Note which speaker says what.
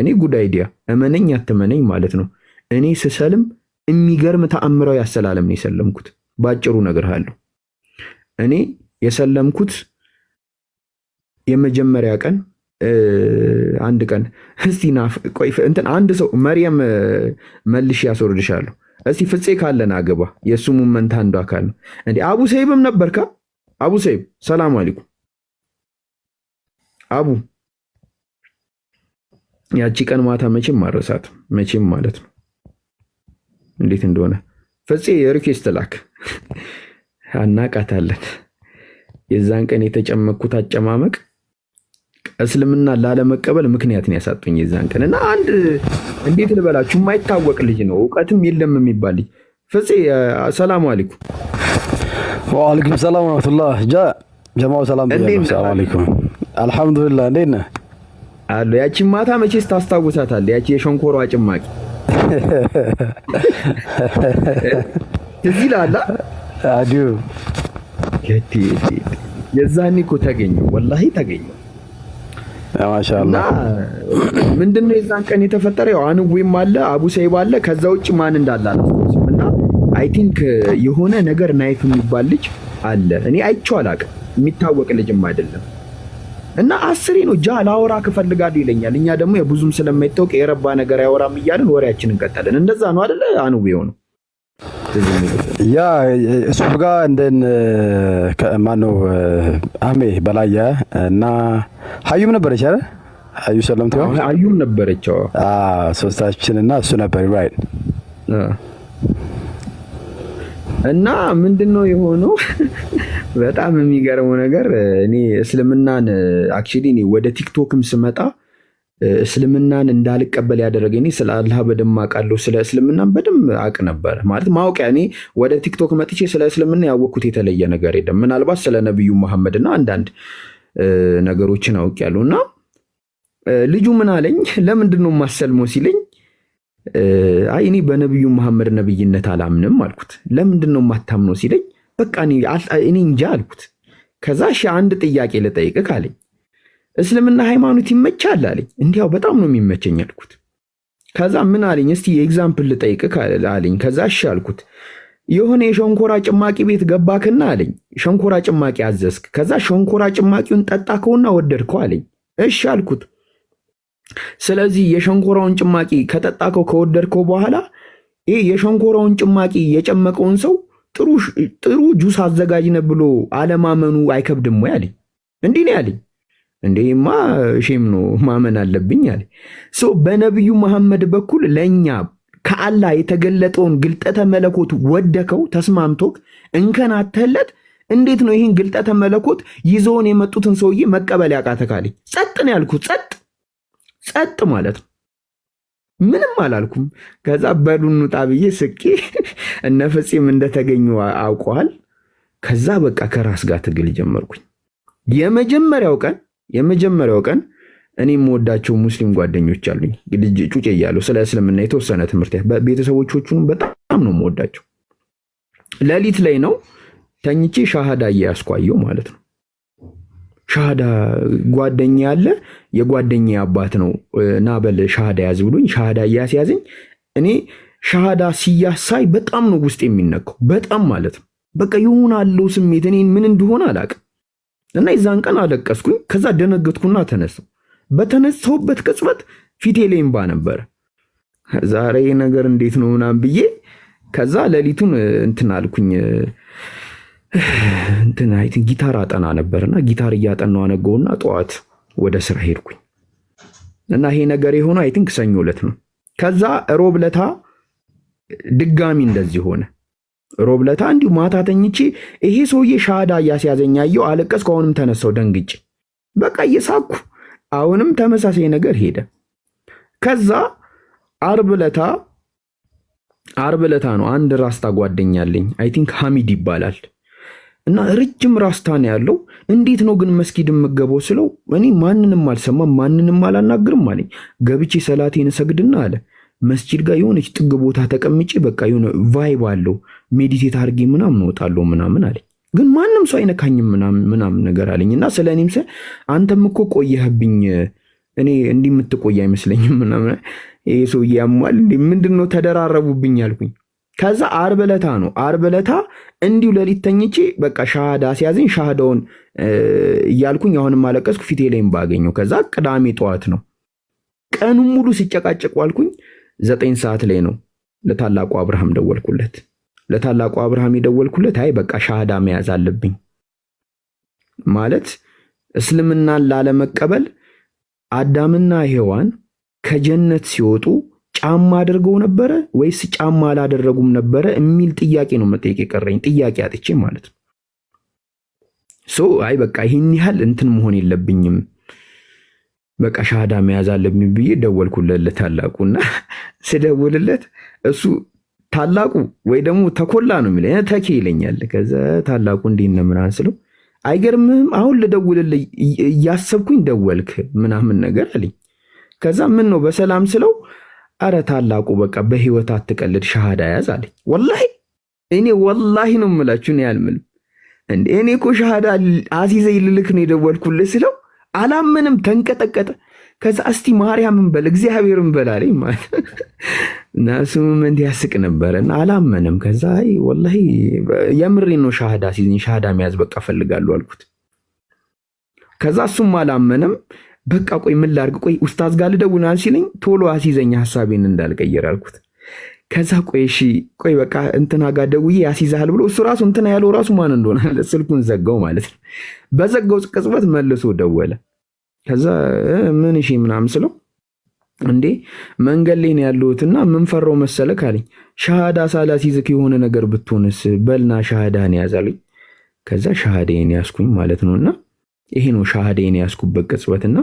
Speaker 1: እኔ ጉድ አይዲያ እመነኝ አትመነኝ ማለት ነው። እኔ ስሰልም የሚገርም ተአምራዊ አሰላለም ነው የሰለምኩት። በአጭሩ እነግርሃለሁ። እኔ የሰለምኩት የመጀመሪያ ቀን አንድ ቀን እስቲ ቆይ እንትን አንድ ሰው መርየም መልሽ ያስወርድሻለሁ። እስቲ ፍፄ ካለን አገባ የእሱ ሙመንት አንዱ አካል ነው። እንደ አቡ ሰይብም ነበርካ። አቡ ሰይብ ሰላም አለይኩም አቡ ያቺ ቀን ማታ መቼም ማረሳት መቼም ማለት ነው። እንዴት እንደሆነ ፈፄ ሪኩዌስት ላክ አናቃታለን። የዛን ቀን የተጨመቅኩት አጨማመቅ እስልምና ላለመቀበል ምክንያት ነው ያሳጡኝ የዛን ቀን እና አንድ እንዴት ልበላችሁ የማይታወቅ ልጅ ነው እውቀትም የለም የሚባል ልጅ ፈፄ ሰላም አለይኩም።
Speaker 2: ወአለይኩም ሰላም ጃ ጀማው ሰላም አለይኩም። አልሐምዱሊላህ እንዴት ነህ?
Speaker 1: አለ ያቺን ማታ መቼስ ታስታውሳታል። ያቺ የሸንኮሯ ጭማቂ እዚህ ላላ አዱ የዛኔ እኮ ተገኘው፣ ወላሂ ተገኘ። ምንድነው የዛን ቀን የተፈጠረ አንዌም አለ አቡ ሰይብ አለ። ከዛ ውጭ ማን እንዳለ አላስታውስም። እና አይ ቲንክ የሆነ ነገር ናይፍ የሚባል ልጅ አለ። እኔ አይቼው አላውቅም። የሚታወቅ ልጅም አይደለም። እና አስሬ ነው ጃ ላወራክ እፈልጋለሁ ይለኛል። እኛ ደግሞ የብዙም ስለማይታወቅ የረባ ነገር አያወራም እያለን ወሬያችን እንቀጣለን። እንደዛ ነው አደለ? አንዌ ነው
Speaker 2: ያ እሱ ጋር እንደን ማነው አሜ በላያ እና ሀዩም ነበረች አይደል? አዩ ሰለምት
Speaker 1: አዩም ነበረች።
Speaker 2: ሶስታችን እና እሱ ነበር ራይት
Speaker 1: እና ምንድን ነው የሆነው በጣም የሚገርመው ነገር እኔ እስልምናን አክቹዋሊ እኔ ወደ ቲክቶክም ስመጣ እስልምናን እንዳልቀበል ያደረገ እኔ ስለ አላህ በደንብ አውቃለሁ። ስለ እስልምናን በደንብ አውቅ ነበር ማለት ማወቂያ። እኔ ወደ ቲክቶክ መጥቼ ስለ እስልምና ያወቅኩት የተለየ ነገር የለም። ምናልባት ስለ ነቢዩ መሐመድ እና አንዳንድ ነገሮችን አውቄያለሁ። እና ልጁ ምን አለኝ፣ ለምንድን ነው የማሰልመው ሲለኝ አይ እኔ በነቢዩ መሐመድ ነብይነት አላምንም አልኩት። ለምንድን ነው የማታምነው ሲለኝ በቃ እኔ እንጃ አልኩት። ከዛ ሺ አንድ ጥያቄ ልጠይቅህ አለኝ። እስልምና ሃይማኖት ይመቻል አለኝ። እንዲያው በጣም ነው የሚመቸኝ አልኩት። ከዛ ምን አለኝ፣ እስቲ የኤግዛምፕል ልጠይቅህ አለኝ። ከዛ እሺ አልኩት። የሆነ የሸንኮራ ጭማቂ ቤት ገባክና አለኝ። ሸንኮራ ጭማቂ አዘዝክ። ከዛ ሸንኮራ ጭማቂውን ጠጣከውና ወደድከው አለኝ። እሺ አልኩት። ስለዚህ የሸንኮራውን ጭማቂ ከጠጣከው ከወደድከው በኋላ ይህ የሸንኮራውን ጭማቂ የጨመቀውን ሰው ጥሩ ጁስ አዘጋጅ ነህ ብሎ አለማመኑ አይከብድም ወይ አለኝ። እንዲህ ነው ያለኝ። እንዴማ ሼም ነው ማመን አለብኝ አለ። ሶ በነቢዩ መሐመድ በኩል ለእኛ ከአላህ የተገለጠውን ግልጠተ መለኮት ወደከው ተስማምቶክ እንከናተለት እንዴት ነው ይህን ግልጠተ መለኮት ይዘውን የመጡትን ሰውዬ መቀበል ያቃተህ አለኝ። ጸጥ ነው ያልኩት። ጸጥ ጸጥ ማለት ነው። ምንም አላልኩም። ከዛ በሉ እንውጣ ብዬ ስቄ እነ ፍፄም እንደተገኙ አውቀዋል። ከዛ በቃ ከራስ ጋር ትግል ጀመርኩኝ። የመጀመሪያው ቀን የመጀመሪያው ቀን እኔ የምወዳቸው ሙስሊም ጓደኞች አሉኝ ግድጅ ጩጬ እያሉ ስለ እስልምና የተወሰነ ትምህርት ቤተሰቦቹንም በጣም ነው የምወዳቸው። ሌሊት ላይ ነው ተኝቼ ሻሃዳ እያያስኳየው ማለት ነው። ሻሃዳ ጓደኛ ያለ የጓደኛ አባት ነው ና ሻሃዳ ያዝ ብሎኝ ሻሃዳ እያስያዝኝ እኔ ሻሃዳ ሲያሳይ በጣም ነው ውስጥ የሚነካው። በጣም ማለት ነው በቃ ይሁን አለው ስሜት እኔን ምን እንደሆነ አላቅም። እና የዛን ቀን አለቀስኩኝ። ከዛ ደነገጥኩና ተነሳው። በተነሳውበት ቅጽበት ፊቴ ላይ እንባ ነበረ። ዛሬ ነገር እንዴት ነው ምናምን ብዬ ከዛ ሌሊቱን እንትን አልኩኝ እንትን አይትን ጊታር አጠና ነበርና ጊታር እያጠናው አነገውና ጠዋት ወደ ስራ ሄድኩኝ እና ይሄ ነገር የሆነ አይትን ሰኞ ዕለት ነው። ከዛ ሮብ ድጋሚ እንደዚህ ሆነ። ሮብለታ እንዲሁ ማታ ተኝቼ ይሄ ሰውዬ ሻዳ እያስያዘኝ ያየው አለቀስኩ። አሁንም ተነሳው ደንግጬ በቃ እየሳኩ አሁንም ተመሳሳይ ነገር ሄደ። ከዛ አርብ ለታ አርብ ለታ ነው አንድ ራስታ ጓደኛለኝ አይ ቲንክ ሐሚድ ይባላል እና ረጅም ራስታ ነው ያለው። እንዴት ነው ግን መስጊድ የምገባው ስለው እኔ ማንንም አልሰማም ማንንም አላናግርም አለኝ። ገብቼ ሰላቴን እሰግድና አለ መስጂድ ጋር የሆነች ጥግ ቦታ ተቀምጬ በቃ የሆነ ቫይብ አለው ሜዲቴት አድርጌ ምናምን እወጣለሁ ምናምን አለኝ። ግን ማንም ሰው አይነካኝም ምናምን ነገር አለኝ እና ስለ እኔም ስለ አንተም እኮ ቆየህብኝ፣ እኔ እንዲህ የምትቆይ አይመስለኝም ምናምን ይሄ ሰውዬ ያሟል ምንድን ነው ተደራረቡብኝ አልኩኝ። ከዛ አርብ ዕለታ ነው አርብ ዕለታ እንዲሁ ሌሊት ተኝቼ በቃ ሻሃዳ ሲያዝኝ ሻሃዳውን እያልኩኝ አሁንም አለቀስኩ ፊቴ ላይም ባገኘው። ከዛ ቅዳሜ ጠዋት ነው ቀኑን ሙሉ ሲጨቃጨቁ አልኩኝ ዘጠኝ ሰዓት ላይ ነው ለታላቁ አብርሃም ደወልኩለት። ለታላቁ አብርሃም የደወልኩለት አይ በቃ ሻሃዳ መያዝ አለብኝ ማለት እስልምናን ላለመቀበል አዳምና ሔዋን ከጀነት ሲወጡ ጫማ አድርገው ነበረ ወይስ ጫማ አላደረጉም ነበረ የሚል ጥያቄ ነው መጠየቅ የቀረኝ። ጥያቄ አጥቼ ማለት ነው። ሶ አይ በቃ ይህን ያህል እንትን መሆን የለብኝም በቃ ሻሃዳ መያዝ አለብኝ ብዬ ደወልኩለት ለታላቁና ስደውልለት እሱ ታላቁ ወይ ደግሞ ተኮላ ነው የሚለኝ፣ ተኬ ይለኛል። ከዛ ታላቁ እንዴት ነው ምናምን ስለው አይገርምህም አሁን ልደውልልህ እያሰብኩኝ ደወልክ ምናምን ነገር አለኝ። ከዛ ምን ነው በሰላም ስለው አረ ታላቁ በቃ በህይወት አትቀልድ ሻሃዳ ያዝ አለኝ። ወላሂ እኔ ወላሂ ነው የምላችሁ ነው ያልምልም እንዴ እኔ እኮ ሻሃዳ አሲዘ ልልክ ነው የደወልኩልህ ስለው አላምንም፣ ተንቀጠቀጠ። ከዛ እስቲ ማርያምን በል እግዚአብሔርን በል አለኝ ማለት እና እሱም እንዲህ ያስቅ ነበረ እና አላመንም። ከዛ ወላ የምሬ ነው ሻሃዳ ሲዝኝ ሻሃዳ መያዝ በቃ ፈልጋሉ አልኩት። ከዛ እሱም አላመንም። በቃ ቆይ ምን ላድርግ፣ ቆይ ኡስታዝ ጋር ልደውልሃል ሲለኝ ቶሎ አሲዘኝ ሀሳቤን እንዳልቀየር አልኩት። ከዛ ቆይ እሺ ቆይ በቃ እንትና ጋር ደውዬ ያስይዛል ብሎ እሱ ራሱ እንትና ያለው ራሱ ማን እንደሆነ ስልኩን ዘጋው ማለት ነው። በዘጋው ቅጽበት መልሶ ደወለ። ከዛ ምን እሺ ምናምን ስለው እንዴ መንገድ ላይ ነው ያለሁትና የምንፈራው መሰለህ ካለኝ፣ ሻሃዳ ሳላሲዝክ የሆነ ነገር ብትሆንስ በልና ሻሃዳን ያዛለኝ። ከዛ ሻሃዳን ያስኩኝ ማለት ነውና ይሄ ነው ሻሃዳን ያስኩበት ቅጽበትና